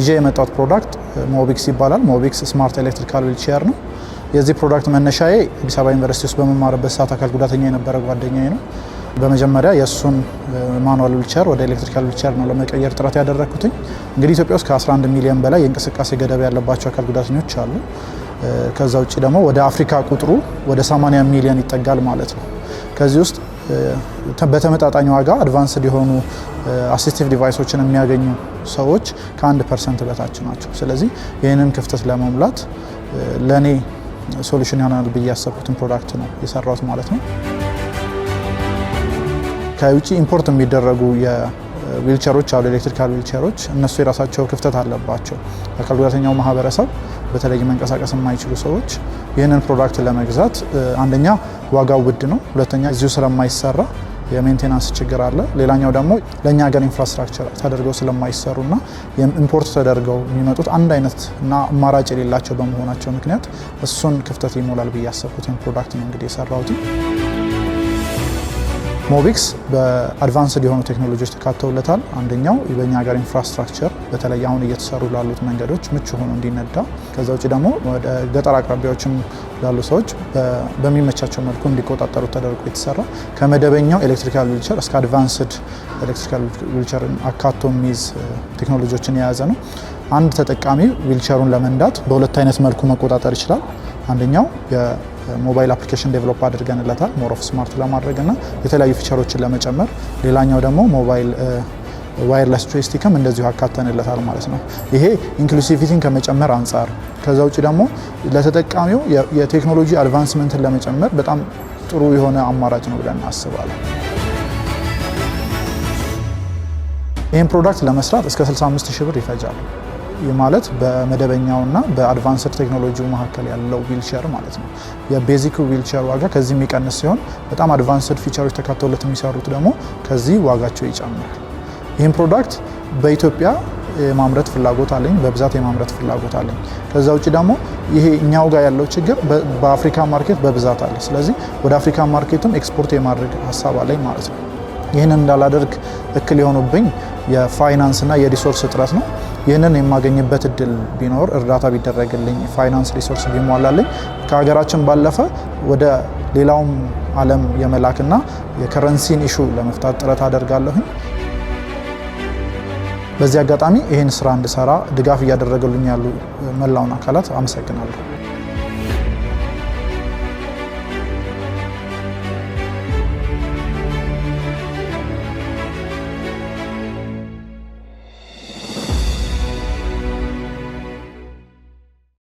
ይዤ የመጣት ፕሮዳክት ሞቢክስ ይባላል። ሞቢክስ ስማርት ኤሌክትሪካል ዊልቸር ነው። የዚህ ፕሮዳክት መነሻዬ አዲስ አበባ ዩኒቨርሲቲ ውስጥ በመማርበት ሰዓት አካል ጉዳተኛ የነበረ ጓደኛዬ ነው። በመጀመሪያ የእሱን ማኑዋል ዊልቸር ወደ ኤሌክትሪካል ዊልቸር ነው ለመቀየር ጥረት ያደረግኩትኝ። እንግዲህ ኢትዮጵያ ውስጥ ከ11 ሚሊዮን በላይ የእንቅስቃሴ ገደብ ያለባቸው አካል ጉዳተኞች አሉ። ከዛ ውጭ ደግሞ ወደ አፍሪካ ቁጥሩ ወደ 80 ሚሊዮን ይጠጋል ማለት ነው። ከዚህ ውስጥ በተመጣጣኝ ዋጋ አድቫንስድ የሆኑ አሲስቲቭ uh, ዲቫይሶችን የሚያገኙ ሰዎች ከአንድ ፐርሰንት በታች ናቸው። ስለዚህ ይህንን ክፍተት ለመሙላት uh, ለእኔ ሶሉሽን ይሆናል ብዬ ያሰብኩትን ፕሮዳክት ነው የሰራሁት ማለት ነው። ከውጭ ኢምፖርት የሚደረጉ ዊልቸሮች uh, አሉ፣ ኤሌክትሪካል ዊልቸሮች። እነሱ የራሳቸው ክፍተት አለባቸው። አካል ጉዳተኛው ማህበረሰብ በተለይ መንቀሳቀስ የማይችሉ ሰዎች ይህንን ፕሮዳክት ለመግዛት አንደኛ ዋጋው ውድ ነው። ሁለተኛ እዚሁ ስለማይሰራ የሜንቴናንስ ችግር አለ። ሌላኛው ደግሞ ለእኛ ሀገር ኢንፍራስትራክቸር ተደርገው ስለማይሰሩና ኢምፖርት ተደርገው የሚመጡት አንድ አይነት እና አማራጭ የሌላቸው በመሆናቸው ምክንያት እሱን ክፍተት ይሞላል ብዬ ያሰብኩትን ፕሮዳክት ነው እንግዲህ የሰራሁት። ሞቢክስ በአድቫንስድ የሆኑ ቴክኖሎጂዎች ተካተውለታል። አንደኛው በእኛ ሀገር ኢንፍራስትራክቸር በተለይ አሁን እየተሰሩ ላሉት መንገዶች ምቹ ሆኖ እንዲነዳ፣ ከዛ ውጭ ደግሞ ወደ ገጠር አቅራቢያዎችም ላሉ ሰዎች በሚመቻቸው መልኩ እንዲቆጣጠሩ ተደርጎ የተሰራ ከመደበኛው ኤሌክትሪካል ዊልቸር እስከ አድቫንስድ ኤሌክትሪካል ዊልቸርን አካቶ የሚይዝ ቴክኖሎጂዎችን የያዘ ነው። አንድ ተጠቃሚ ዊልቸሩን ለመንዳት በሁለት አይነት መልኩ መቆጣጠር ይችላል። አንደኛው የሞባይል አፕሊኬሽን ዴቨሎፕ አድርገንለታል ሞር ኦፍ ስማርት ለማድረግ እና የተለያዩ ፊቸሮችን ለመጨመር። ሌላኛው ደግሞ ሞባይል ዋይርለስ ጆይስቲክም እንደዚሁ አካተንለታል ማለት ነው። ይሄ ኢንክሉሲቪቲን ከመጨመር አንጻር፣ ከዛ ውጭ ደግሞ ለተጠቃሚው የቴክኖሎጂ አድቫንስመንትን ለመጨመር በጣም ጥሩ የሆነ አማራጭ ነው ብለን አስባለን። ይህን ፕሮዳክት ለመስራት እስከ 65 ሺህ ብር ይፈጃል። ይህ ማለት በመደበኛውና በአድቫንስድ ቴክኖሎጂ መካከል ያለው ዊልቸር ማለት ነው። የቤዚክ ዊልቸር ዋጋ ከዚህ የሚቀንስ ሲሆን በጣም አድቫንስድ ፊቸሮች ተካተውለት የሚሰሩት ደግሞ ከዚህ ዋጋቸው ይጨምራል። ይህም ፕሮዳክት በኢትዮጵያ የማምረት ፍላጎት አለኝ፣ በብዛት የማምረት ፍላጎት አለኝ። ከዛ ውጭ ደግሞ ይሄ እኛው ጋር ያለው ችግር በአፍሪካ ማርኬት በብዛት አለ። ስለዚህ ወደ አፍሪካ ማርኬትም ኤክስፖርት የማድረግ ሀሳብ አለኝ ማለት ነው። ይህንን እንዳላደርግ እክል የሆኑብኝ የፋይናንስና የሪሶርስ እጥረት ነው። ይህንን የማገኝበት እድል ቢኖር እርዳታ ቢደረግልኝ፣ ፋይናንስ ሪሶርስ ቢሟላልኝ ከሀገራችን ባለፈ ወደ ሌላውም ዓለም የመላክና የከረንሲን ኢሹ ለመፍታት ጥረት አደርጋለሁኝ። በዚህ አጋጣሚ ይህን ስራ እንድሰራ ድጋፍ እያደረገልኝ ያሉ መላውን አካላት አመሰግናለሁ።